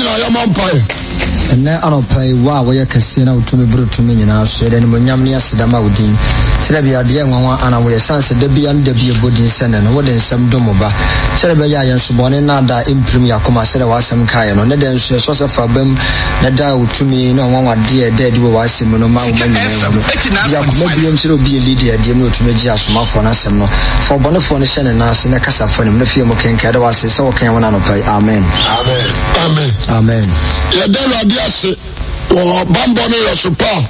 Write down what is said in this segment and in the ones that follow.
gyina yɛma mpae ɛnɛ anɔpa yi wo a woyɛ kɛseɛ no a wotumi boro tumi nyinaa so yɛde animonyam ne aseda ma wo din sɛdeɛ bɛyɛ adeɛ nwanwa anamoyɛ san sɛ da bia ne da bi ɛbɔ din sɛ ne wode nsɛm dom ba sɛdeɛ bɛyɛ a yɛnsobɔne no ada mpirim yɛakoma sɛdeɛ w'asɛm kaeɛ no ne da nso yɛsɔ sɛ fa bam na da wotumi ne ɔwanwadeɛ da adi wɔ w'asɛm no ma woma nyinaa mu biom sɛ obi ɛli de adeɛ ɔtumi agye asomafoɔ no asɛm no fa ɔbɔnefoɔ no hyɛ ne nan ase kasa fa nim na fie mu kenka ɛde wase sɛ wɔkan wo no amen amen yɛda no ase wɔ bambɔ no yɛ so pa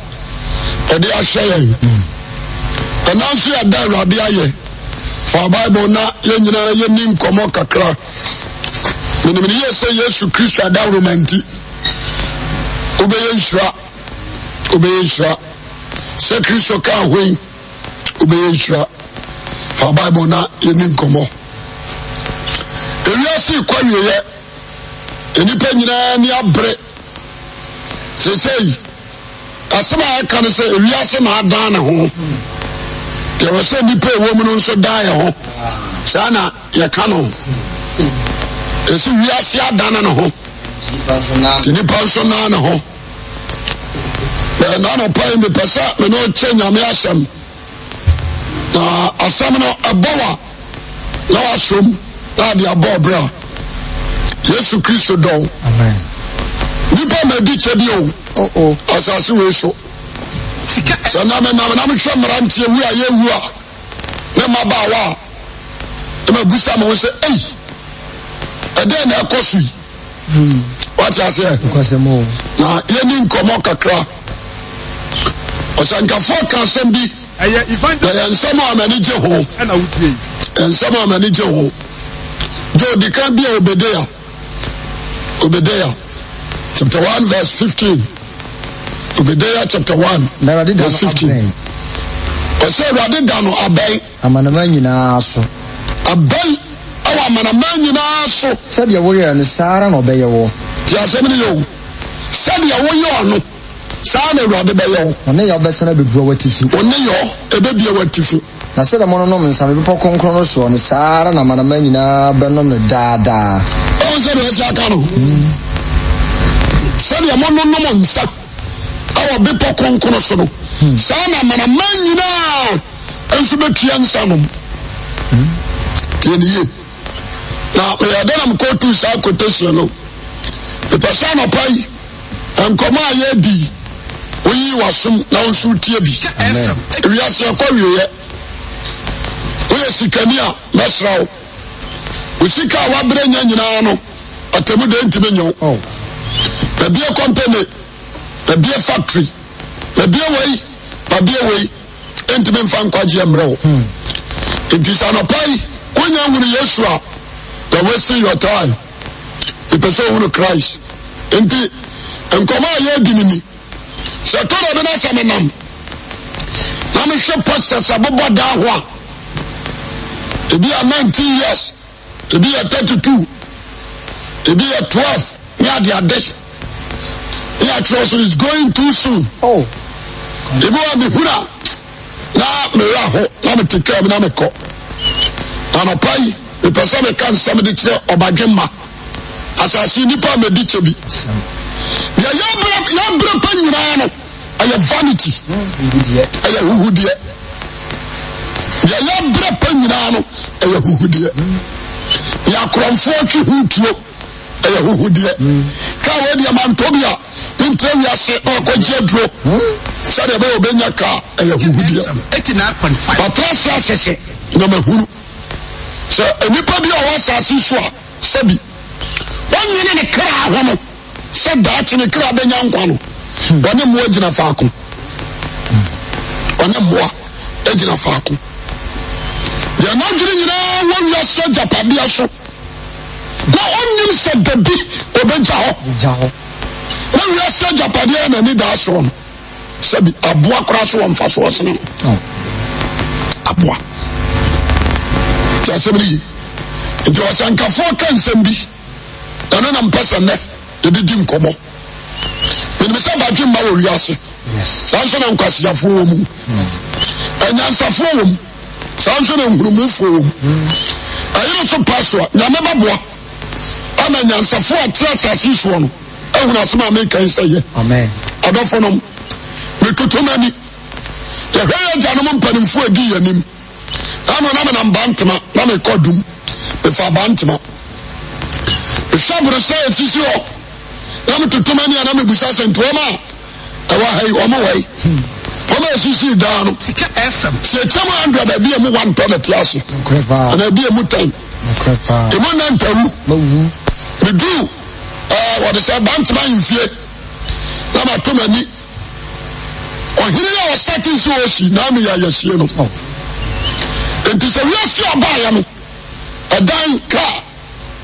ɔde ahyɛ mm. yɛn ɔnanso yɛ da awurade ayɛ fa bible na yɛn nyinaa yɛni nkɔmmɔ kakra menim ne sɛ yesu kristo adaworoma nti wobɛyɛ nhyira wobɛyɛ nhyira sɛ kristo kaa hwei wobɛyɛ nhyira fa bible na yɛni nkɔmmɔ ewiase kwawieyɛ nnipa nyinaa ni abere sesei asɛm a ɛka no sɛ ewiase na adan ne ho yɛwɔ sɛ nnipa ɛwɔ mu no nso daa yɛ ho saa na yɛka no ɛsɛ wiase adane ne ho nti nnipa nso naa ne ho nanɔpae mepɛ sɛ mene ɔkyɛ nyame na asɛm no ɛbɔ wa na wasom na ade abɔ berɛ a yesu kristo dɔw ma maadi kyɛ bi o asase wei so sɛ nam nam nam hwɛ mmeranteɛ wu a yɛwu a ne ma baawa a ɛma gu sa me ho sɛ ei ɛdɛn na ɛkɔ so yi wate aseɛ na yɛni nkɔmmɔ kakra ɔsɛnkafoɔ ka asɛm bi na yɛnsɛm a m'ani gye ho yɛnsɛm a m'ani gye ho gye odi kan bi a obedeya obedeya chapter one verse fifteen obedea chapter one verse fifteen ɔsɛ awurade da no abɛn amanaman nyinaa so abɛn ɛwɔ amanaman nyinaa so sɛdeɛ woyɛ no saa ara na ɔbɛyɛ wɔ nti asɛm no yɛ o sɛdeɛ woyɛ ɔno saa na awurade bɛyɛ wo ɔne yɛ wobɛsana bɛbua w'atifi ɔne yɛ ɛbɛbia w'atifi na sɛdeɛ mononom nsame bepɔ kronkron no soɔ no saa ara na amanaman nyinaa bɛnom no daadaa ɛwo sɛdeɛ ɛsi aka no sɛdeɛ mononom nsa ɛwɔ bepɔ kronkron so no saa na amanama nyinaa nso bɛtua nsa nom tiɛniye na meyɛde nam kɔtu saa kotation no mepɛ sɛ anɔpa yi nkɔmɔ a yɛadi woyii wasom na wo nso tie bi ewiase ɛkɔ wieɛ woyɛ sikani a mɛsra wo wo sika a woabrɛ nya nyinaa no atamu da ntimi nyɛ wo oh. baabi ɛkɔmpɛ ne baabi yɛ factory baabi yɛ wei baabi yɛ wei ntumi nfa nkwagye mmerɛ wo hmm. nti sɛ anɔpa yi wonya hunu yesu a na your time ipɛ sɛ ohunu christ nti nkɔmɔ a yɛadi no ni sɛ tɔrɔ bi no sɛ menam na mehwɛ abobɔ daa ho a ebi yɛ 19 years ebi yɛ 32 ebi yɛ 12 ne adeade akyerɛ so it's going too soon. Oh. ebi wa mi hura na mewura ho na Now ti kɛ mi na mi kɔ anapa yi mepɛ sɛ meka nsɛm de kyerɛ ɔbagye ma asase nipa a medi kyɛ bi yɛyɛbrɛ pa nyinaa no ɛyɛ vanity ɛyɛ huhudeɛ ntere wiase ɔkɔgye aduro sɛdeɛ ɛbɛyɛ ɔbɛnya kaa ɛyɛ huhudeɛ patrase asese na mahunu sɛ nipa bi a ɔwɔ asase so a sɛbi wɔnwene ne kra hɔ no sɛ daakye ne kra bɛnya nkwa no ɔne mmoa gyina faako ɔne mmoa gyina faako deɛ n'adwene nyinaa wɔ wiase agyapadeɛ so na ɔnnim sɛ dabi ɔbɛgya hɔ wọn yɛ sɛ japadeɛ n'ani da soɔ no sɛbi aboa koraa so wɔn fa soɔ sini oh. aboa tí a sɛbi ni yi nti ɔsankafoɔ ka nsɛm bi ɛno na mpɛ sɛ nnɛ yɛde di nkɔmɔ minimisɛ baatwi mba wɔ wiase saa nso na nkwasiafoɔ wɔ mu anyansafoɔ wɔ mu saa nso na nkurumufoɔ wɔ mu ɛyere so paasoa nyame baboa ama nyansafoɔ a te asase soɔ no ehun asem a mi nkan sɛ yɛ adɔfo nom metoto n'ani yɛhwɛ yɛ gya nom mpanimfoɔ adi yɛ anim ɛna na mi nam ba ntoma na mi kɔ dum efa ba ntoma ehwɛ aburusɛ esisi hɔ na mi toto n'ani a na mi busa sɛ ntoma a ɛwɔ ha yi ɔmo wɔ yi wɔn a esisi daa no sɛ ekyɛm hundred ebi emu one ten ɛte ase ɛna ebi emu ten emu nan tɛwu medu. wɔde sɛ bantema mfie na mato m'ani ɔhene é ɔsate sɛ ɔsi na ano yɛ ayɛsie no enti sɛ wiase ɔbaeɛ no ɛdan kra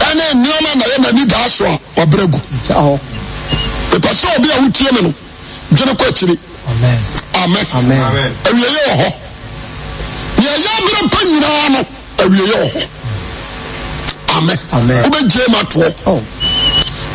ɛne nneɔma na yɛ n'ani daa so a wabrɛ gu mepɛ sɛ obi a wotie me no dwene kɔ akyiri amɛ awieyɛ wɔ hɔ neɛ ɛyɛ berɛ pa nyinaa no awieyɛ wɔ hɔ amɛ wobɛgyee ma toɔ oh.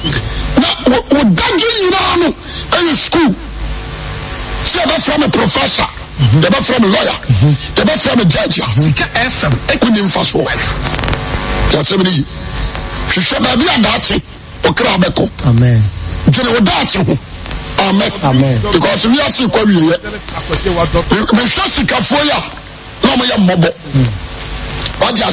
Na, ou dadjen yina anou E yon skou Se yon bè fèmè profesa Dè bè fèmè loya Dè bè fèmè djèdja Ekoun yon fèmè fèmè Yon se mè di Fèmè di an dati Ou kè nan bè kon Ou kè nan dati Ou kè nan bè kon Pèkò si mè yon si kwa mè yon Mè shò si kwa fò yon Nan mè yon mò bò Ou bi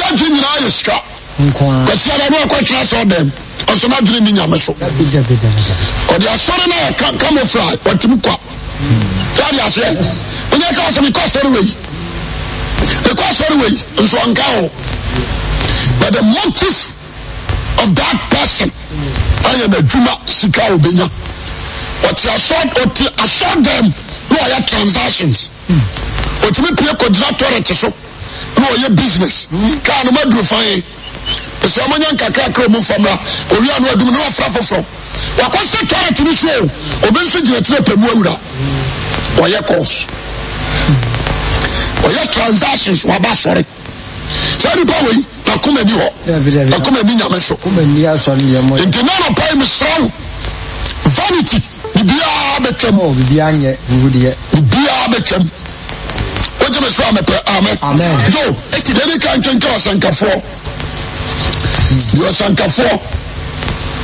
an jen yon an yon skou Kwa si an anou an kwa kwa kwa sò den ɔsɛ n'adwene mi nyame so ɔde asɔre na yɛ camouflage ɔtumi kwa fɛde aseɛ onyɛ ka sɛ mekɔ asɔre wei mekɔ asɔre wei nso ɔnka wo but the motive of that person ayɛ n'adwuma sika obɛnya ɔte asɔ ɔte asɔ dɛm na ɔyɛ transactions ɔtumi pie kɔgyina toilet so na ɔyɛ business kaa no maduru fan ɛsɛ ɔmo nya nkakrakra mu famra owia no adum ne wafra foforɔ wakɔhyɛ carrot no so obi nso gyinagyina pɛ mu awura wɔyɛ calls wɔyɛ transactions waba asɔre saa nipa wei nakoma ni hɔ nakoma ni nyame so nti na anɔpa yi mesrɛ wo vanity biribiaa bɛtwam biribiaa bɛtwam wogye me so amɛpɛ amen jo yɛni ka nkyenka ɔsɛnkafoɔ Diwa sankafon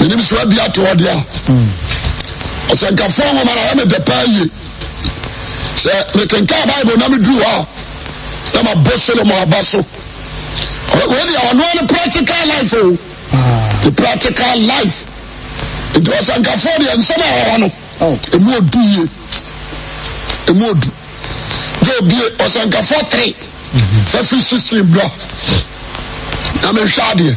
Ni nimi swet biyato wad ya Sankafon waman wame depan ye Se ne kenkabaybo namiduwa Yama boso le mwa baso Awen diya waman wane pratika life ou oh. ah. Li pratika life Diwa sankafon diyan Sama waman wane E mwad dou ye E mwad Diwa biye sankafon tri Fek fi sisti mdwa Ame chadiye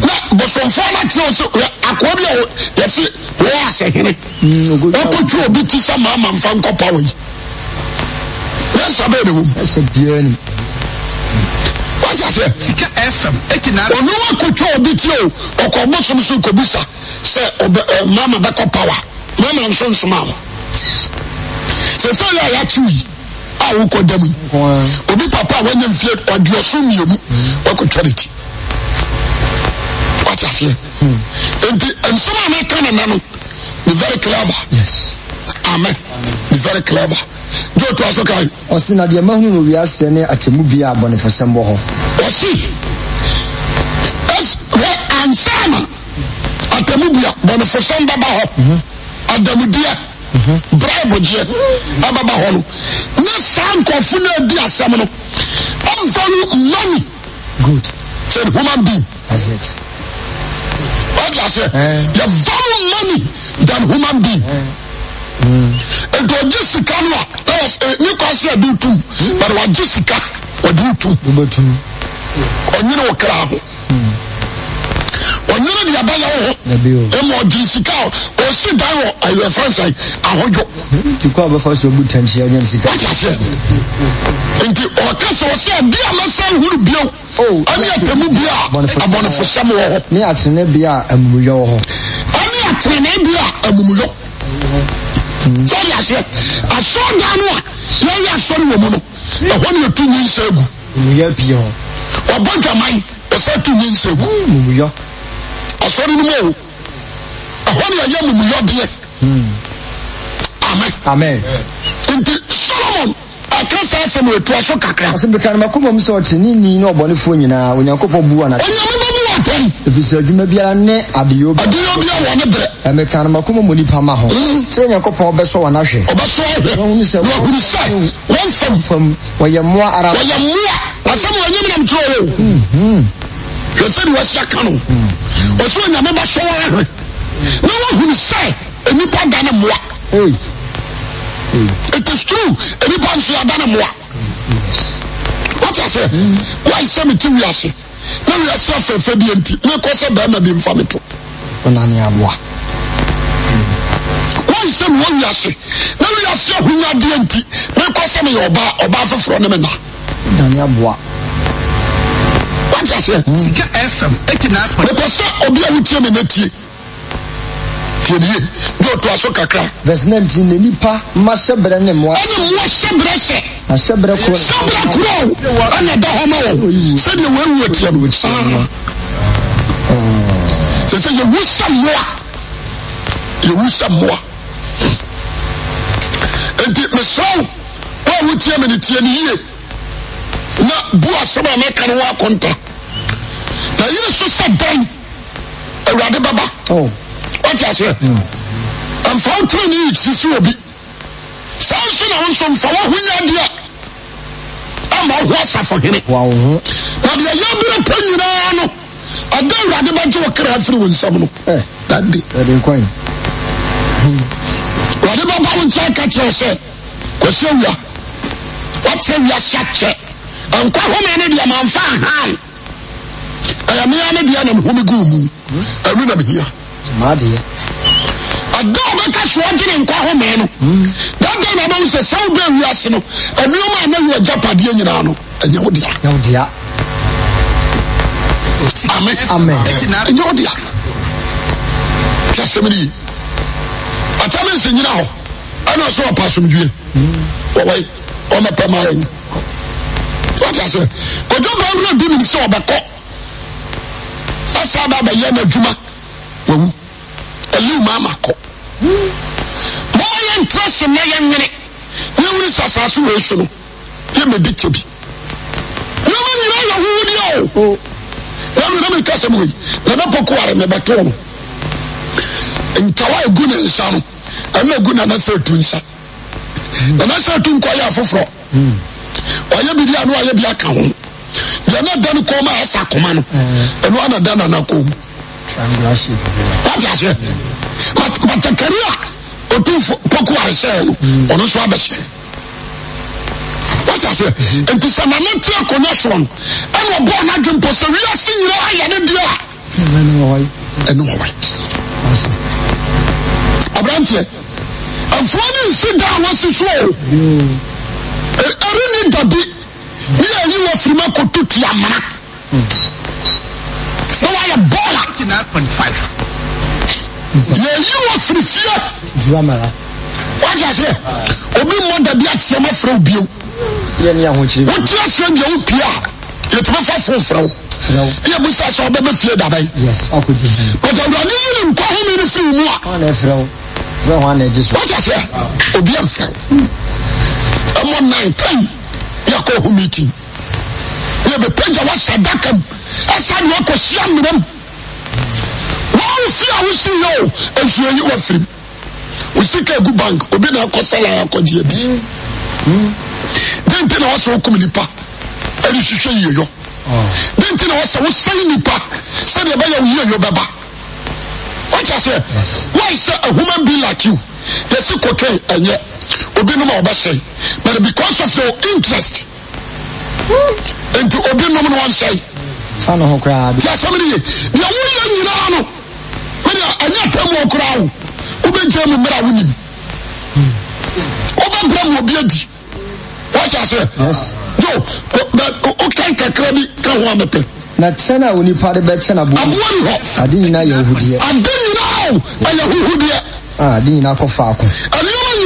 Ne, bo son fwa mati yo se akwobye yo Desi, we a se kene On koutro obi ti sa mam anfan kopa we Yen sabè di wou Ase bien Waj a se Oni wakoutro obi ti yo Okwobo soum soum kobi sa Se mam anfan kopa we Mam anfan soum anwa Se fwa yo a la chou yi A ou kwa demi Obi papa wanyen fwe Obi papa wanyen fwe Obi papa wanyen fwe ti aseɛ hmm. nti nsɛm a no be very clever yes. amen very clever de to aso kae ɔse na deɛ mahu no ne atemu bia a the wɔ hɔ ɔse ansa na atemu bia bɔnefasɛm bɛba hɔ mhm. adamudeɛ mhm. braibogeɛ ɛbɛba hɔ no ne saa asɛm no no money good sɛ human being That's it. wọ́n di ase yẹ value money than human being. ètò ọjọ́ sika nù a ní kò ase ẹ̀dí tum bàtà wà jí sika ọ̀dí tum ọ̀nyínà wọ̀ kíra ahọ́ ɔnyere deɛ bɛyɛ wo ho ɛma ɔgye sika a ɔsi dan wɔ ayɛfrɛ sɛ ahodwo wate aseɛ nti ɔka sɛ ɔsɛ ɔde a mɛsa nhuru bio ɛne oh, atamu bia a abɔnefosɛm wɔ hɔ ne atene bia a amumuyɔ wɔ hɔ ɛne atene bia a amumuyɔ sɔre aseɛ asɔɔdan no a yɛyɛ asɔre wɔ mu no ɛhɔ ne ɛtu nyinsa agu mumuyɔ bia hɔ ɔbɔ dwaman ɛsɛ tu nyinsa agu hmm, mumuyɔ asɔre no mu o ɛhɔ ne ɛyɛ mumuyɔ deɛ hmm. amen amen nti ɔka saa asɛm ɛtua so kakra bika no makoma mu sɛ ɔkyeneni ne ɔbɔnefoɔ nyinaa onyankopɔn bu ana onyame bɛbu wɔ atɛm ɛfiri sɛ adwuma biara ne adeyɛ obi adeyɛ obi a wɔ berɛ ɛmeka no makoma mu nipa ma ho mm. sɛ onyankopɔn ɔbɛsɔ wɔn ahwɛ ɔbɛsɔ ahwɛ sɛ wahunu sɛ wɔnsɛm wɔyɛ mmoa ara wɔyɛ mmoa asɛm wɔnyɛ menam turo hwɛ sɛde wɔasi aka no mm-hmm. ɔsɛ onyame bɛsɔ wɔn ahwɛ na wahunu sɛ nnipa da ne mmoa Mm. It is true. E di pan si adan e mwa. Wat ya se? Woy se mi ti woy ya se? Ne woy ya se fè fè BNT? Ne woy ya se bè mè bi infan me to? Woy nan ya mwa. Woy ya se mwen woy ya se? Ne woy ya se woy nye BNT? Ne woy ya se mè yon ba fè fè mwen mè nan? Nan ya mwa. Wat ya se? Ne woy se obè yon tè mè neti? Ve znen di ne li pa, ma sebre ne mwa. E ni mwa sebre se. Ma sebre kwa. Sebre kwa ane da hama ou. Se di we wote yon. Se se yon wote yon mwa. Yon wote yon mwa. En di mwese ou, wote yon mweni tieni yon. Na bwa seman mweni kan wakonte. Na yon sou se den. E rade baba. Ou. Oh. wate aseɛ ɛmfa wo tiri ne yɛkyiri sɛ obi saa nso na wo nso mfa woahonya deɛ ama woho asafohene na deɛ yɛberɛ pa nyinaa no ɛda awurade bɛgye wo kra afiri wo nsɛm no dande awurade bɛba wo nkyɛ ka kyerɛ sɛ kɔsi awia woate awia hyɛ kyɛ ɛnkɔ home ne deɛ mamfa ahan ɛyɛ mea ne deɛ na mehome guu mu ɛnu na mehia maadeɛ ada soɔ gye nkwa ho no dada na bɛhu sɛ sɛ wobɛ wiase no ɛnoɔma a na wi agyapadeɛ nyinaa no ɛnyɛ wo dea wo dea ɛnyɛ wo dea tiasɛm ne yi nse nyina hɔ ɛna so ɔpa asomdwie wɔwɔi ɔmɛpɛ ma yɛn wɔtiasɛ kɔdwa baawura bi nim sɛ ɔbɛkɔ sasa ba bɛyɛ no adwuma wawu ɛliw maa ma kɔ mɔmɔ yɛ ntura na yɛ nwene ne wuli sɛ asaase esu no yɛ mɛ di kyɛ bi ne ma nyinaa yɛ huhudiɛ o wɔn nana mi kasa mu yi na bɛ pɔkɔ wari mɛ bɛ tɔn no nkawa egu ne nsa no ɛna egu nana sɛ etu nsa nana hmm. sɛ etu nkɔ yɛ afoforɔ ɔyɛ hmm. bi di ano ɔyɛ bi aka ho yɛn na dan kɔn mu a yɛ sa akoma no hmm. ɛnu ana dan nana kɔn mu wadi aseɛ batakari a otumfo pɔku arehyɛ hmm. no ɔno nso abɛhyɛ wati aseɛ hmm. nti sɛ na ne te akonnwa soɔ no e ɛna ɔbɔɔ no adwempo sɛ wiase nyinaa ayɛ ne deɛ a ɛne wɔwae aberanteɛ afuo ne nsi da a wasi so o ɛre hmm. ne dabi ne yɛyi wɔ firima kɔto tia mana sɛ wayɛ bɔɔla deɛ yi wɔ firi fie wagye obi mmɔ da bi ateɛ ma frɛ wo bio wote aseɛ deɛ wo pie a yɛtumi fo frɛ wo yɛ bu sɛ sɛ wobɛbɛ fie dabɛi but awurade yi ne nkɔ home no firi wo mu a wagye aseɛ obi amfrɛ wo ɛmɔ nantan yɛkɔ ho meeting tie bɛpagya woasa daka m ɛsa deɛ akɔhyia mmerɛ m wɔmfi a wosiyɛ o ahwiayi wafirim wo sika agu bank obi na akɔ sala akɔgyea bi dɛn nti na wɔsɛ wokum nipa ɛrehwehwɛ yieyɔ dɛn nti na wɔsɛ wosɛe nipa sɛdeɛ ɛbɛyɛ wo yieyɔ bɛba wata sɛ wai a human being like you yɛse cocaine ɛnyɛ obinom a wɔbɛsɛe but because of your interest nti obi nom no wɔnsɛe fa no ho koraa nti asɛm no ye deɛ woyɛ nyinaa no wode ɛnyɛ atam wɔ koraa wo wobɛgya mu mmerɛ a wonim wobɛbrɛ mu obi adi wɔhyɛ sɛ yo wokan kakra bi ka ho a mepɛ na kyɛn a onipa de bɛkyɛ na aboa ni hɔ ade nyinaa yɛ ahudeɛ ade nyinaa ɛyɛ huhudeɛ ade nyinaa kɔ faako ɛnneɛma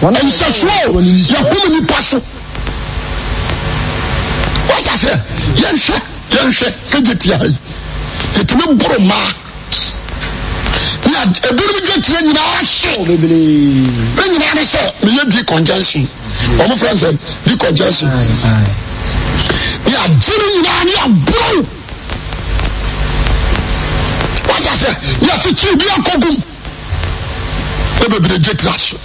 E yon se swou, yon koumoun yon pasou. Wajase, yon se, yon se, e jete ya yon. E tounen brouman. E bounou jete yon, yon a yon se. Yon yon a yon se, yon di konjan se. Omou franse, di konjan se. Yon jete yon a yon, yon brouman. Wajase, yon se chibiyan koumoun. E bounou jete yon se.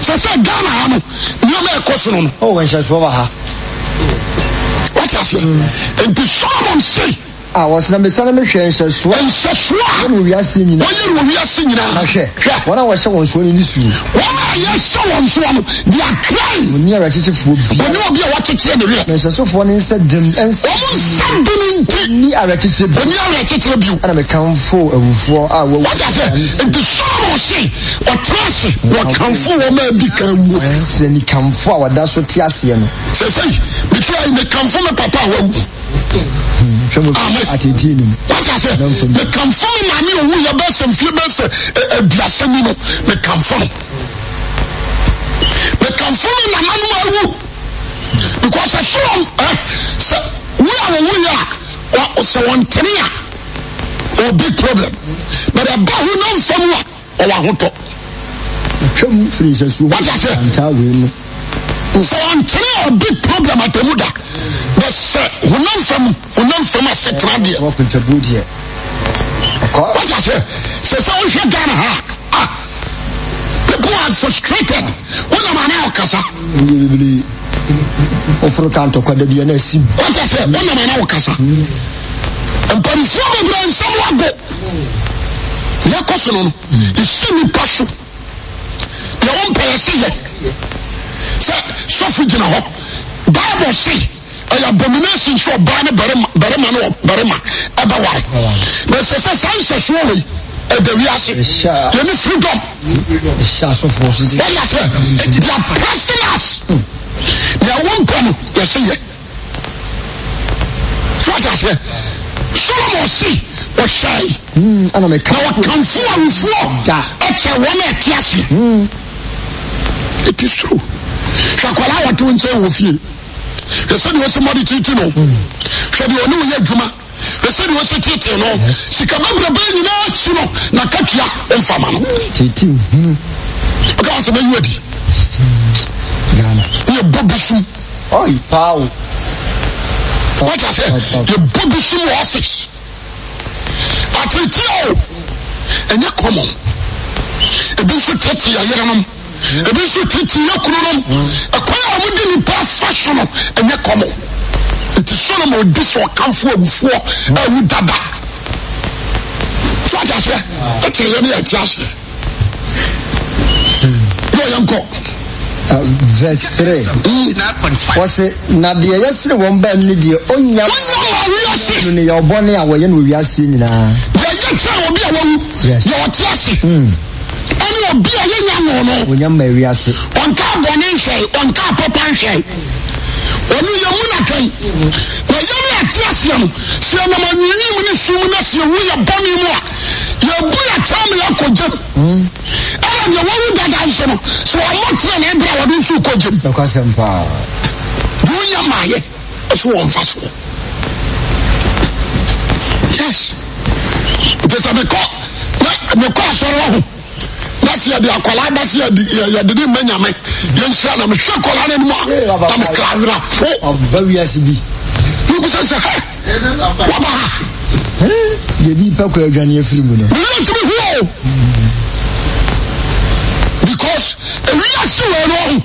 Se se gana ha mm. e moun, li yo me ye kwa se nou moun. Ouwen, se sou wawa ha. Ouwen, se sou wawa ha. a wɔsena mesane mehwɛ nhyɛsoa nhyɛsoa wɔne owiase nyinaa wɔyɛ no owiase nyinaa na hwɛ hwɛ wɔn a wɔhyɛ wɔn soɔ no ne suu wɔn a yɛhyɛ wɔn soɔ no they are crying wɔn ni awerɛkyekyefoɔ bi wɔn ni obi a wɔakyekyere ne werɛ nhyɛsofoɔ ne nsa dim nsa wɔn nsa dim nti ni awerɛkyekye bi wɔn ni awerɛkyekye bi ɛna mekamfo awufoɔ a wɔwu wɔgya sɛ nti sɔɔmo se wɔtena ase wɔkamfo wɔn a adi kan mu sɛ nikamfo a wɔda uh, uh, so te aseɛ no sɛ sɛ metura yi mekamfo me papa a wawu mekamfo no maame owu yɛ bɛsɛ mfie bɛsɛ aduasa mi no mekamfo no mekamfo no nananom awu because ɛhyerɛ sɛ wo a wɔwoyɛ a sɛ wɔntene a ɔ big problem but ɛba ho no mfam a ɔwɔ ahotɔ wate aseɛ sɛ wɔnkyerɛ ɔbi program atamu da but sɛ honamfam honamfam asetena deɛ wata sɛ sɛ sɛ wohwɛ ghana ha a people are frustrated wonam ana ɔkasa woforo ka ntɔkwada bia na asim wata sɛ wonam ana ɔkasa mpanimfoɔ bebrɛ nsɛm wago yɛkɔ so no no ɛsi nipa so deɛ wompɛyɛ se yɛ Se sou fridina ho Daya monsi E yabonine sin chou bane bareman ho Bareman E da wane Mwen se se say se sou li E dewi ase Geni fridom E yaswe E di la presi nas E yawon kon E sye Sou a yaswe Sou monsi E chay A wak kan fwo an fwo Eche wane ete hmm. ase Ek is tru hwɛ akwara a wɔte wo nkyɛn wɔ fie hwɛ sɛdeɛ wɔsi mmɔde titi no hwɛ deɛ ɔne woyɛ adwuma hwɛ sɛdeɛ wɔsi titi no sikamammerɛ bɛɛ nyinaa akyi no na katua mfama no ɔka sɛ bɛyi adi yɛ bɔ busum wɔka sɛ yɛ bɔ busum wɔ ɔfis atete o ɛnyɛ kɔmɔ ebi nso tete yɛ yerenom ebi nso titi yɛ kuro nom ɛkwan a wɔde nipa afa so ɛnyɛ kɔmɔ nti solomon odi sɛ ɔkanfo awufoɔ awu dada fati aseɛ ɛtiri yɛ uh, ne yɛ ti aseɛ yɛ ɔyɛ nkɔ. verse three wɔsi na deɛ yɛsiri wɔn bɛn ni deɛ onya wɔn ni yɛ ɔbɔ ne a wɔyɛ no wiase nyinaa. yɛyɛ kyerɛ obi a wɔwu yɛ ɔte ase. Hmm obi a yɛnya no no ɔnka bɔne nhwɛe ɔnka pɔpa nhwɛe ɔno yɛmu na kai na yɛne ate aseɛ no sɛ ɛnam anwini mu ne sum na sɛ wu yɛ bɔne mu a yɛbu yɛkyɛw me yɛkɔgyam ɛna deɛ wɔwu dada nso no sɛ ɔmɔ tena ne ɛbrɛ a wɔde nso kɔgyam wonya maayɛ ɛso wɔmfa soɔ yes nti sɛ mekɔ na mekɔ asɔre wɔ ho Se yade akola, se yade menyame, gen syan anme chan kolane nouman anme klavina. Anbe wye se di. Mwen pwen wi se se. E de la pa. Waba ha. He? De di pep kwe janye fili mwen anme. Mwen anme fwo. Vikos, enwe yase e weno.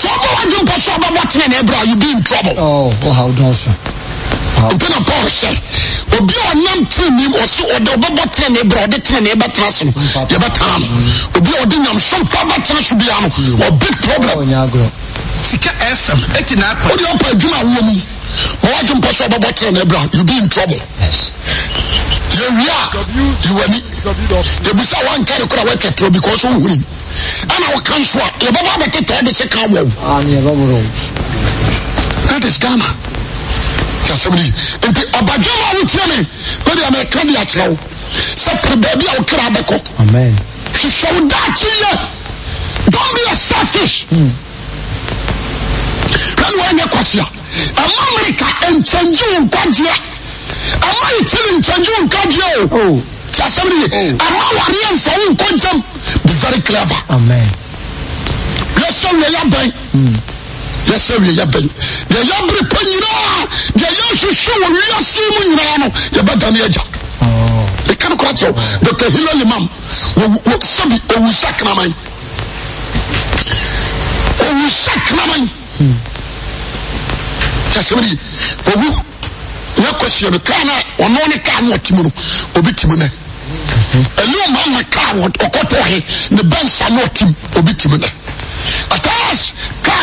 So anbe wade yon pa so anbe vatine nebra, yon bi in trouble. Oh, oh, ha wadon se. A, a. Mwen apan se. obi a ɔnam tirinni ɔsi ɔde ɔbɛbɔ tirinni bere ɔde tirinni bɛtena se no yɛbɛtaa no obi a ɔde nyamsom pa bɛtena so bia no ɔbig problem sika fm eti na akɔ. o de ɔpa adwuma awo mu ma wajum pɔ so ɔbɛbɔ tirinni bere you be in trouble. yɛwia yiwani yɛbusa wankare kora wɔatwatoro because wohuri ana woka nso a yɛbɛbɔ abɛtetɔ de se ka wɔ that is ghana ate no yi nti ɔbadwama a wotie me mede ameka de akyerɛ wo sɛ pere baabi a wo bɛkɔ hwehwɛ wo daakye yɛ do be a selfish hmm. hwɛ ne woanyɛ kwasea ɛma merika nkyɛngye wo nkwagyeɛ ɛma yɛtiri nkyɛngye wo nkwagyeɛ o oh. ti asɛm no ye oh. ɛma wareɛ mfa wo nkɔgyam be very clever yɛsɛ wiɛ yɛbɛn hmm. Ya sevye, ya ben. Ya yabri pen yon, ya yon joushou, yon yosimoun yon anon, ya bedan yon jan. E kan kwa ti yo, de te hilon li mam, wot sebi, e wousak nan man. E wousak nan man. Ya semeni, e wou, yon kwa siyon, kwa anay, anon e ka anotimoun, obitimounen. E lou man me ka anot, okotore, ne bensan otim, obitimounen.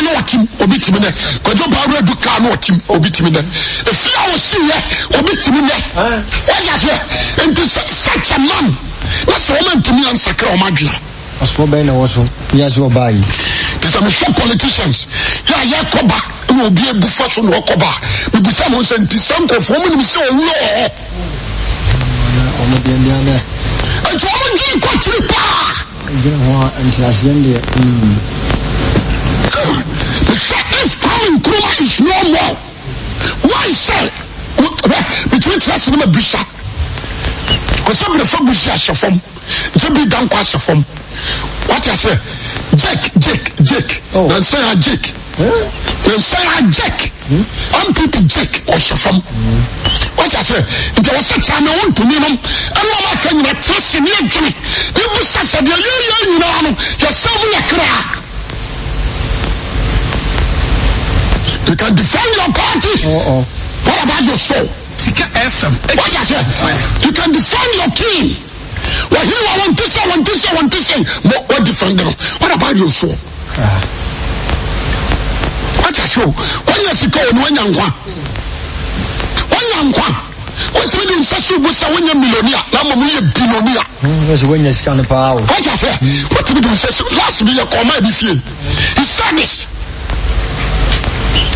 car no ɔtim obi timi nɛ kɔjɔ baawura du car no ɔtim obi timi nɛ efi a ɔsi yɛ obi timi nɛ wɔyɛ sɛ nti sɛ such a man na sɛ wɔn ntumi ansakira wɔn adwina. ɔsoro bɛyɛ na ɛwɔ so yasi ɔbaa yi. te politicians yɛ a yɛkɔ ba na obi abu fa so na ɔkɔ ba mebisa mo sɛ nti sɛ nkɔfoɔ mu nim sɛ ɔwuro ɔhɔ nti ɔmo gyee kɔkyiri paa Mwen se, eftan mwen kou la ish nou mou. Mwen se, betwen tres nime bisha, kwa se mwen fok bisha se fom, jen bi dan kwa se fom. Wat ya se, jek, jek, jek, nan sen an jek. Nan sen an jek. An piti jek, o se fom. Wat ya se, jen wase chan men un tu men an, an wala kwen yon a tres se mwen jen. Yon bisha se diyo, yon yon yon an, jen se voun ya kre a. You can defend your party. Uh-oh. What about your soul? What you say? You can defend your king. Well, here I want this, I want this, I want this. What, what defend them? What about your soul? Uh. What I said? When you see God, when you are when you are wotumi di nsa so bu sɛ wonyɛ millionia na mmom woyɛ bilionia wotumi di nsa so last bi yɛ kɔɔma bi fie he said this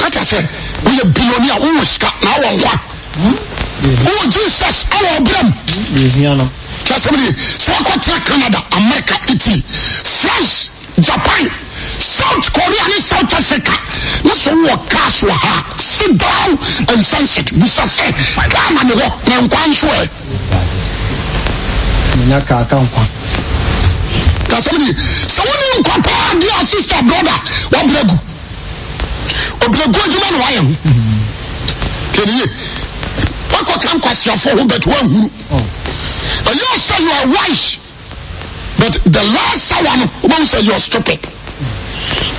Kata se, wile bilonya ou mwiska Na wangwa Ou Jesus a wangwem Kata se mweni Si wakwa te Kanada, Amerika iti Frans, Japan South Korea ni South Asika Ni sou wakwa sou a ha Sibaw, en sensik Mwisa se, kwa mani wakwa Mweni wakwa anjwe Mweni wakwa anjwe Kata se mweni Se weni wakwa pa agi anjse se wabloga Wablogu obìnrin gun adwuma na wayɛ ho kɛnìyɛ wakɔ kan kwasiafo ho bɛt wahuru ɛyɛ ɔsɛ you are wise but the last hour no wobɛhu sɛ you are stupid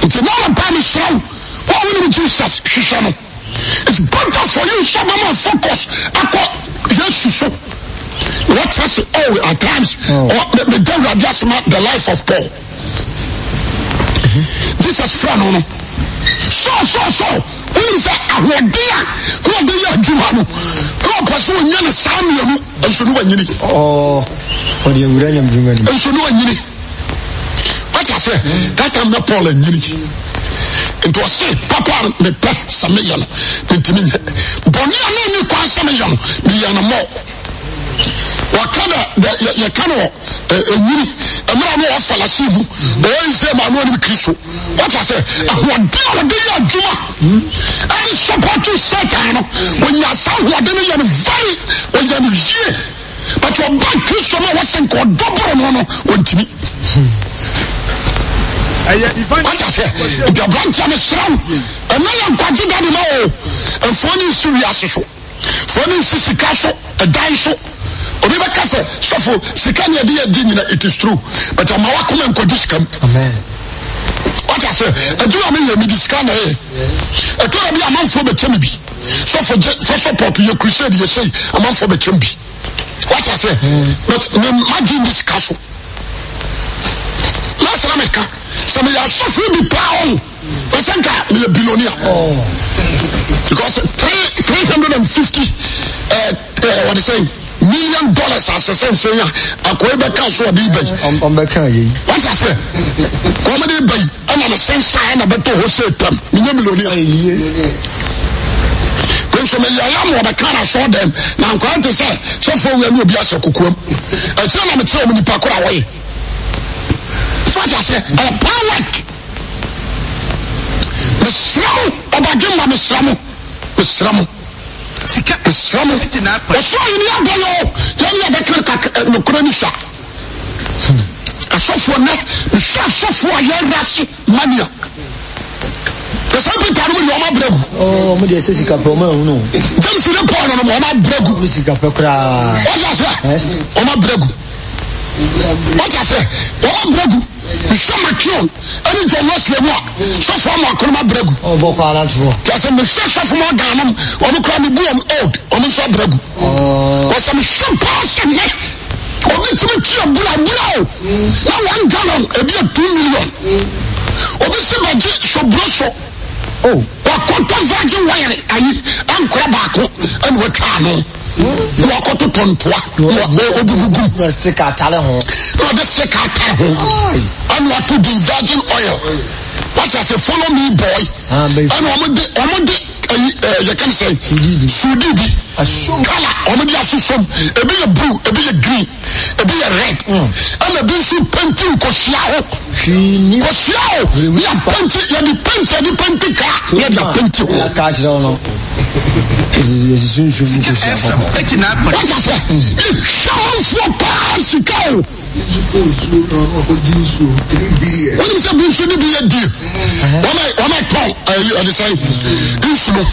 nti na ɔba mi srɛ wo wa wo nim jesus hwehwɛ no it's better for you sɛ mama focus akɔ yesu so what has oh at times oh. or the, the devil just marked the life of Paul. Mm-hmm. Jesus friend So, so, so, un oh, se awade ya, awade ya djumanu. Yo pasu wanyen sa amyan, an sonu wanyen. O, wanyen wren yam djuman. An sonu wanyen. Wache se, datan wapol wanyen. Ent wase, papar me pe samayan. Benti mi, bonyan nou mi kwa samayan, mi yanan mo. Wakanda, yakano wanyen. E, e mmerɛ ne ɔyɛ falase mu na ɔyɛ sɛ ma no anim kristo wɔta sɛ ahoɔden a wɔde yɛ adwuma ɛne sɔpɔto satan no wɔnya saa ahoɔden yɛ no vare wɔyɛ no yie but wɔba kristo no a wɔsɛ nka ɔdɔboro no no wɔntimi wata sɛ nti aberanteɛ no serɛ wo ɛna yɛ nkwagye da de ma o ɛfoɔ ne nsi wiase so foɔ ne nsi sika so ɛdan so obi bɛka sɛ sɔfo sika ne nyina it is true but ama wakoma nkɔdi sikam wata sɛ adwuma meyɛ mede sika na ɛyɛ ɛtɔra bi amanfoɔ bɛkyɛ me bi sɔfo gye fa support yɛ crusade yɛ que je bɛkyɛ me bi wata sɛ but ne magye ndi sika so nasra meka sɛ meyɛ asɔfo bi paa ɔn ɛsɛ nka meyɛ bilonia oh. because 350 uh, eh, eh, what is saying dollars asɛ sɛ nsɛn a akɔyi e bɛka so ɔde ba yi. ɔmbɛka e yɛ yi. wasa sɛ kɔn de ba yi ɛna ne sɛnsan ɛna bɛtɔ hɔ sɛ tam ne nye miliyɔniya. nso mi yɛ yam wɔ bɛka na sɔɔ dɛm na nkɔyɛ e te sɛ sɔfo wia ni obi ahyɛ kukuom ɛkyerɛ na mi kyerɛ omi nipa koro a wɔyɛ sɔɔkya sɛ ɛyɛ pawɛk mesra mo ɔbɛgye ma mesra mo mesra mo. E sò moun, e sò yon yon bè yon, yon yon dè kèl kèl nò kroni sa E sò fò mè, e sò fò fò yon rè si mè mè E sò yon pitan moun, yon mè bregu O mè de se si kapè o mè ou nou Vèm si de pò anon mè, mè mè bregu Si kapè okra O jase, mè mè bregu O jase, mè mè bregu mesɛ makio ɛne john wesley mu a sɔfoɔ ma akonoma brɛgu sɛ mesɛ sɔfo ma ɔda ɔno kora mebu ɔm old ɔno nso brɛgu ɔsɛ mehwɛ paa sɛ nɛ obi tumi tua burabura o na one gallon ebi yɛ two million obi sɛ bagye soburo so wakɔtɔ virgin wire ayi ankora baako ɛne watwa ano Mwa kote ton pwa Mwa de se ka tala hon Mwa de se ka tala hon An wak te de virgin oil Wacha se follow me boy An wak te de Sou di bi Kala wak te de asusom Ebeye blue ebeye green ebi yɛ red ɛna ebi nso penti nkosia ho nkosia ho yɛ penti Eu penti yɛde penti kaa yɛde penti ho. kaakyerɛ wɔn yɛsi sunsun mu nkosia fɔ. wọ́n sɛ ìṣàwọ́fọ̀ paa sika o. wọ́n yìí bí nsu ni bi yɛ di wọ́n mẹ́ tọ́ ɛdi sẹ́yìn nsu no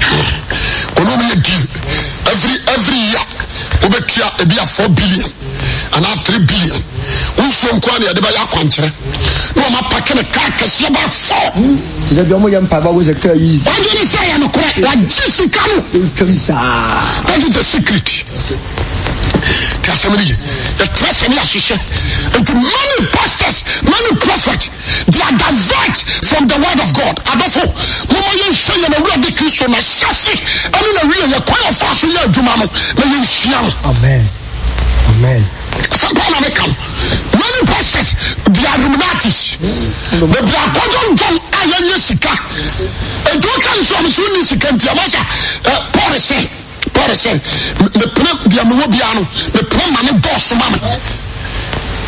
kò ní wọ́n yɛ di every every year. Oube ebi eh a 4 billion, anan 3 billion. Ou sou mkwani ade bayan kwan chen? Ou ama pake ne kakese yoban 4? Se debyon mwen yon pava wou se kwe yizi. Anjou ni fwe yon kwen la jisi kwa nou? E kwen sa. Anjou de sikriti. te asɛm no ye yɛtena sɛ ne yɛahyehyɛ nti many pastors many prophet they are divert from the word of god adɔfo momɔ yɛnhyɛ yɛ nawurade kristo na hyɛ se na wie yɛ kwan ɔfa so yɛ adwuma no na yɛnhyia no amen amen sɛmpaa na meka no many pastors they are ruminatis baabi akɔdɔndɔn a yɛnyɛ sika ɛnti woka ne so ɔme so sika nti ɛmɔ sɛ paul sɛ paul sɛ mepene deɛ mewɔ no mepene ma ne dɔɔso ma me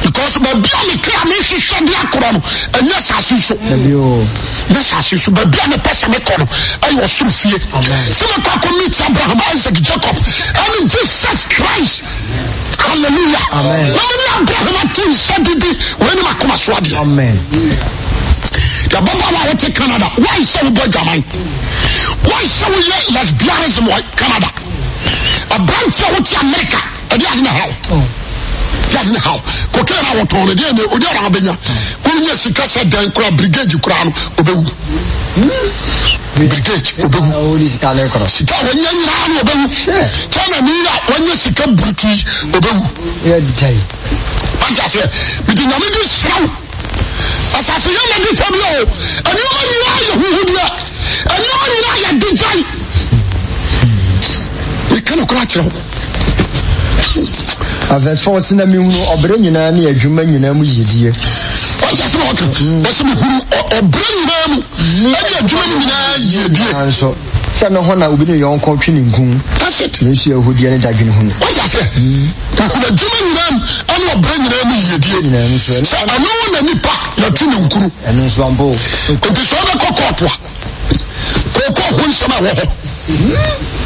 because baabi a mekra mehwehwɛ de akorɔ no ɛnyɛ asase so nyɛ asase so baabi a mepɛ sɛ mekɔ no ɛyɛ ɔsoro fie sɛ mekɔ akɔ meet abraham isaac jacob ɛne jesus christ hallelujah na mene abraham ate nsa didi wɔanim akoma so adeɛ yabɔbɔbɔ a wɔte canada wɔn sɛ wobɔ adwaman wɔn sɛ woyɛ lesbianism wɔ canada abirante a wote amerika ɛdi adi na ha oh. ɛdi adi na ha kokain a wɔtɔn no deɛ ne odi ara abɛnya kuru nye sika sɛ dan kura brigade kura no obewu hmm. brigade obewu sika a wɔnyɛ nyinaa no obewu kyɛnɛ mi yi a wɔnyɛ sika burutu obewu wagya seɛ nyame di sraw asase yɛ na di tɛbi o ɛnneɛma nyinaa yɛ huhudeɛ ɛnneɛma nyinaa yɛ digyae. nokora akyerɛ wo verse four sin na mi hunu ɔbɛrɛ nyinaa ne adwuma nyinaa mu yidie. wọ́n ti asọ́nà ọ̀kan wọ́n sọ nyinaa mu ɛni adwuma mu nyinaa yidie. nanso sɛ ne hɔ na obi ne yɔn kɔ twi ne nkun. kaset ne nso ne dadwene ho. wọ́n ti asɛ adwuma nyinaa mu ɛni ɔbɛrɛ nyinaa mu yidie. sɛ sɛ ɛni na nipa na ne nkuru. ɛni nso an nti sɔ bɛ kɔɔto a kɔɔkɔɔ ho nsɛm a wɔ hɔ. Mhm.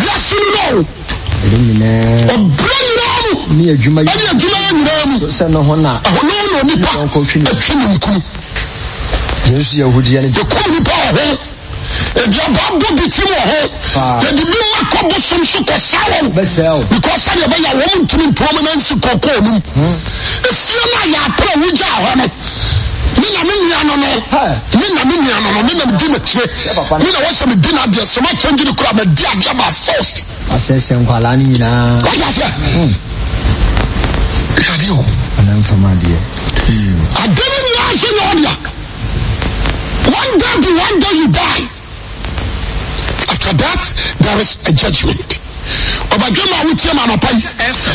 wiase no no ɛde nyinaa ɔbrɛ nyinaa mu ne adwuma yɛ ɛne adwuma yɛ nyinaa mu sɛ ne ho na ɛho ne ho na onipa atwi ne nkum yesu yɛ ahodeɛ ne yɛkum nipa wɔ ho ɛde abaabɔ bi tim wɔ ho yɛde bi ma kɔ bosom so kɔsa wɔn because sɛdeɛ ɛbɛyɛ wɔn ntumi ntoɔ mu nansi kɔkɔɔ nom efie no a yɛapɛ a wogyaa hɔ no mi na mi nua no no mi na mi nua no no mi na mi di mi tire mi na wɔsɛ mi di na adeɛ sɛ ma kyɛn gyiri kura mɛ di adeɛ ba fɔ. asɛsɛ nkwalaa ni nyinaa. wáyà fẹ. yàrá o. ana n fama adeɛ. adéni ni a se yɔrɔ bia one day be one day you die after that there is a judgement ɔbɛdwɛ mu a wotia mu anɔpa yi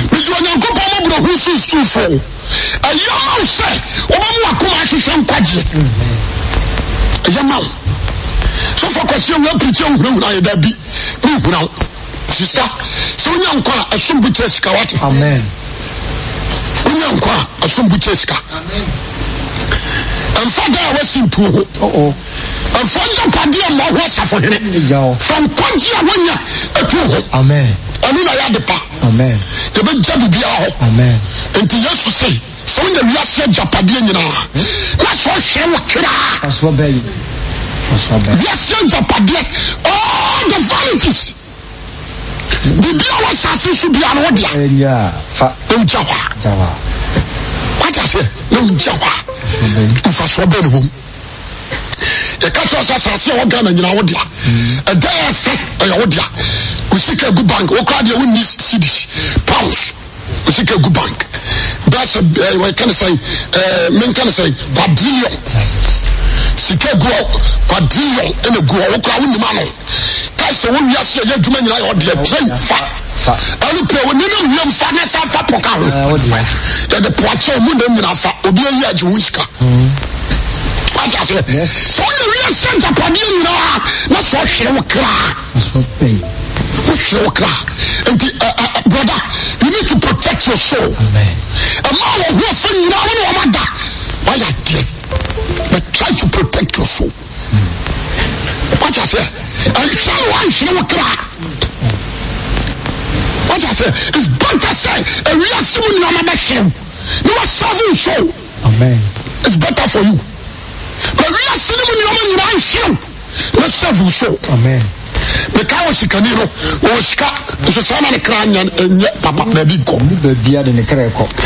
bisi onyankopɔn mu buro hu sunsun fo. ɛyɛ ɔmo sɛ ɔmo mu akoma ahyehyɛ nkwagye ɛyɛ ma wo sɔfo kwasi ohun apirikyi ohun ehun ayɛ on ne sisa sɛ wonya nkɔ a ɛsom bu sika wate wonya nkɔ a ɛsom bu kyerɛ sika ɛmfa da a wasi ho ɛmfa pas ho asafohene fa nkwagye a wonya atuo ho ɛno na yɛ ade pa Amen. yɛbɛgya biribiaa hɔ enti yesu sɛ sɛ wonyɛ wiase agyapadeɛ nyinaa na sɛ ɔhwɛ wo twerɛa wiase agyapadeɛ all the vanities biribiaa wɔ asase so biaa no wodea ɔngya hɔ a wagya sɛ na ɔngya hɔ a mfasoɔ bɛ ne wɔ mu yɛka kyerɛ sɛ asase a wɔga na nyinaa wodea ɛda ɛfɛ ɛyɛ wodea Ou si ke gou bank. Ou kwa di yon ni sidi. Pans. Ou si ke gou bank. Be euh, se euh, men kene say. Va bilyon. Si ke gou. Va bilyon. Eni gou. Ou kwa yon nanmanon. Tai se yon yon yaseye. Yon duman yon ay odye. Pren fa. A yon pe yon. Nen yon yon fa. Nen se yon fa poka yon. Yon de po atyon moun den yon fa. Obe yon yon yon yon iska. Fa yon yaseye. Se yon yon yon yaseye. Japon yon yon yon yon yon yon yon yon yon yon yon yon push your eh, eh, eh, brother, you need to protect your soul. Amen. And now we're why are But try to protect your soul. What I say? And try why you know cry. What I say? is better say, and we are seeing you know, shame. You soul. Amen. It's better for you. But we are seeing you know, you are shame. Let's serve your soul. Amen. Pè kwa yon si kani yon, yon si ka, yon se sa yon an ekran yon, enye, papap, mè bi gom, mè bi yon an ekran yon.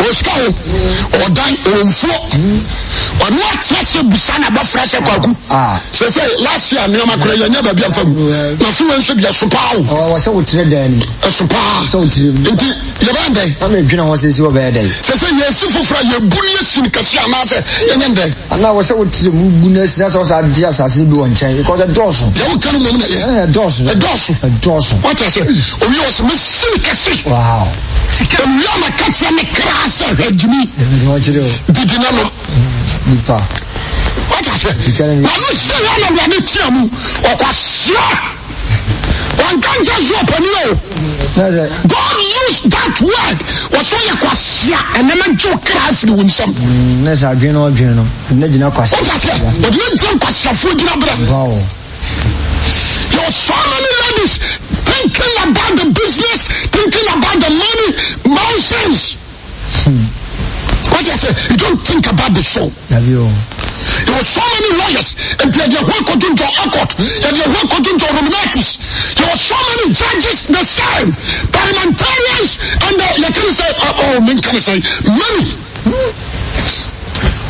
Yon si ka yon, yon dan, yon yon fwo, an yon a tse se busan an ba fwa se kwa yon. Se fe, la si an, yon a kre yon, enye, mè bi yon fwo, mè fi yon se bi a sopa yon. Awa, awa, se ou tse den. A sopa. Se ou tse den. Yon ti. yɛbɛ ndɛn. an bɛ dwena wɔn sisi wɔ bɛɛ dɛ. sɛsɛ yɛsi foforɔ yɛ bu ni esi kasi anaasɛ yɛnyɛ ndɛn. ana wɔsɛ o ti mu bu ni esi n'asɛ wɔsɛ adi asase bi wɔ nkyɛn e kɔsɛ dɔɔso. yɛ o kanu mɔmu na yɛ. ɛ dɔɔso. ɛ dɔɔso. ɛ dɔɔso. wata sɛ omi yɛ wɔsɛ mi si kasi. waaw. sika mi yɛ ma kasi mi kira asɛ ɛ jimi. didi nanu. nipa. wata sɛ. sika ni. na nu si yɛ ɔna wɛ ni tia mu ɔkɔ sira. wankan jɛ zuwa pɛni o. god use that word wɔsɔ yɛ kwasia ɛnɛma gye o kra afiri wo nsam ne sɛ adwene no adwene no ne gyina kwasia wofa sɛ ɔde ne ntua nkwasiafoɔ gyina berɛ yɛ so many ladies thinking about the business thinking about the money mountains hmm. What I say, you don't think about the soul. There were so many lawyers, and they were working into Accord, and they were working into Illuminatis. There were so many judges the same, parliamentarians, and the, uh, can say, uh, oh, men can say, money.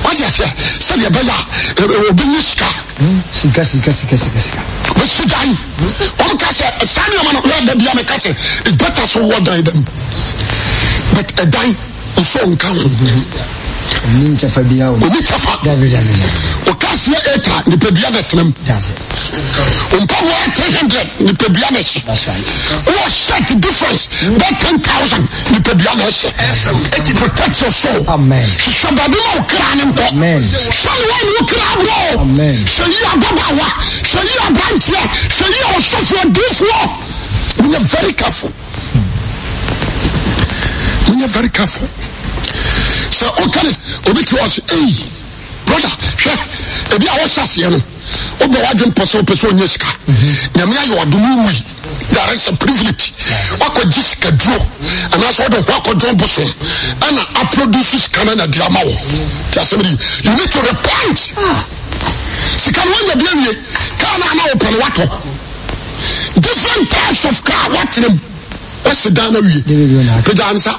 What I say, said the Bella, uh, uh, Obiniska. Hmm? Sika, sika, sika, sika, sika. But Sudan, one case, Samuel, man, where the Biamekase, it's better so what than them. But a die nso nka ho omi nkyɛfa bi awo omi kyɛfa ɔkaseɛ eka nipadua bɛ tenam mpaboa three hundred nipadua bɛ hyɛ wɔ shirt difference bɛ ten thousand nipadua bɛ hyɛ protect your soul hwehwɛ baabi ma wo kra ne nkɔ hwɛ ne wɔne wo Amen. borɔ hwɛ yi ababawa hwɛ yi abanteɛ hwɛ yi a ɔsɔfoɔ difoɔ wonya very careful wonyɛ very careful So, okay, ne obi te us, "Hey, brother if hwɛ ebi a wɔhyɛ aseɛ no wobɛ w'adwene pɔ sɛ wopɛ sɛ ɔnyɛ sika nyame ayɛ w'adomu wui there is a privilege wakɔgye sika duro anaasɛ wode ho akɔdwon bosom ɛna aproduce sika no na de ama wo nti asɛm de you need to repent sika no wanya bia wie kaa no ana wopɛ no watɔ different types of car watenem ɛsi dan no wie pagya ansa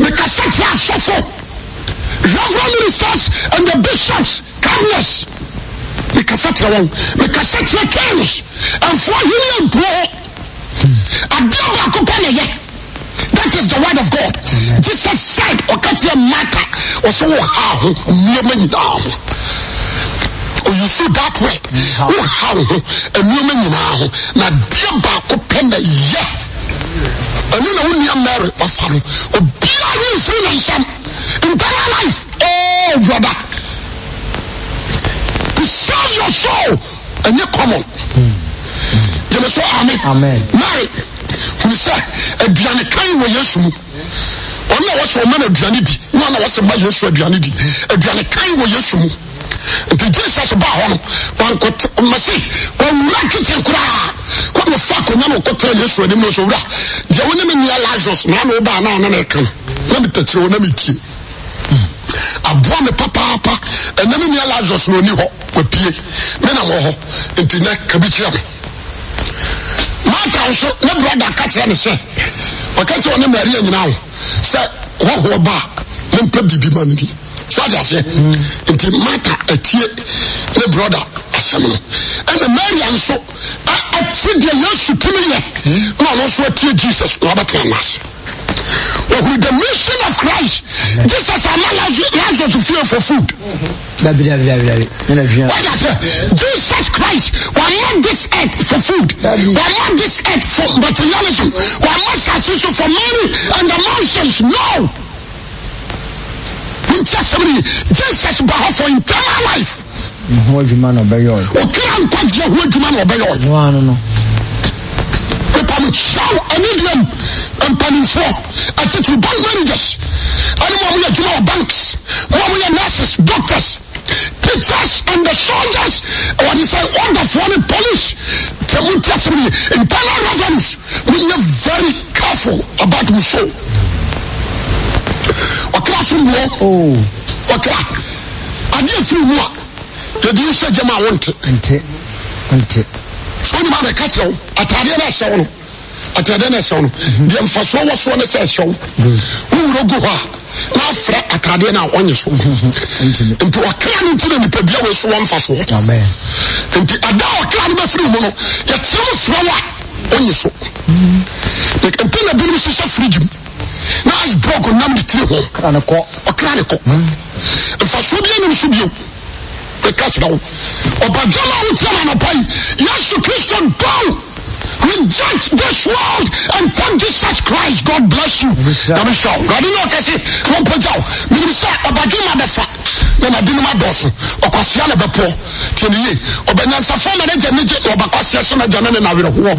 mekasa kyerɛ asɔfo reverend ministers and the bishops carlos mekasa kyerɛ wɔn mekasa kyerɛ kings ɛfoɔ hene mpuo adeɛ baako pɛ ne yɛ that is the word of god jesus said ɔka kyerɛ mata ɔsɛ wo ha ho nneɛma nyinaa ho oyusu that word wo ha ho nneɛma nyinaa ho na deɛ baako pɛ na yɛ Je na wonia mary ɔfa no obiaa oh brother preserve your soul ɛnyɛ so amen mary Amen, aduane kan wɔ yesu mu na wɔsɛ aduane di na wɔsɛ kan Enpi dwen se sou ba hon, wan kwa te, wan masi, wan wakit enkura Kwa mwen fakou nan wakot pre yeswe, nen mwen sou wak Dye wane men yalajos nan waba nan aneke Nen mi tetye, wane mi kiye A bwa me papa apa, ennen men yalajos nan wane wapye Men an wak, enpi ne kabitye Mwen aneke, mwen wak, mwen wak Mwen wak, mwen wak, mwen wak sọ́jà say nti mata etie ne brother asẹ́mu no ẹna mẹ́rìà nso ẹ ẹtí diẹ yẹsu tẹ́lẹ̀ the ẹna ọ̀nà nso ẹtí jesus wọ́n Jesus, tẹ̀ ẹ̀ náà sẹ́ With the mission of christ jesus ama lazarus fear for food. dabi dabi dabi dabi ẹna fi hàn. jesus christ are not this earth for food are not this earth for materialism not this sàṣìṣe for money and the mountains no nti asɛm no jesus ba hɔ for internal life ho adwuma na ɔbɛyɛ ɔyɛ ɔkra nkwagyeɛ ho adwuma na ɔbɛyɛ ɔyɛ ano no mpamekyerɛw ane deɛm mpanimfoɔ atitiri bank managers ane mo a moyɛ adwuma wɔ banks mo a moyɛ nurses doctors teachers and the soldiers wɔde sɛ orderfoɔ ne police tɛ mo nti asɛm no yɛ internal revenues monyɛ very careful about mo show. wasodeɛ oh. ɔkra e mu a yɛde wo sɛ gyama a wonte wonim adɛka kyerɛ wo atadeɛ no ɛhyɛ wo no atadeɛ no ɛhyɛ wo no mhm. deɛ mfasoɔ wɔ soɔ sɛ ɛhyɛ wo gu hɔ a na afrɛ atadeɛ mhm. no a ɔnye so mhm. na ayi drug nam ne tiri ho ɔkra ne kɔ mfasuo bi anim so bio ɛka kyerɛ wo ɔbadwama a wotiam anɔpa yi yesu kristo dɔw reject this world and thank jesus christ god bless you nyame hyɛ wo awurade ne ɔkɛse wɔmpagya wo menim sɛ ɔbadwoma bɛfa na nadinom adɔso ɔkwasea ne bɛpɔ tiɛneye ɔbanyansafoɔ ma ne gya ne gye na ɔbakwasea so na gya ne nyansa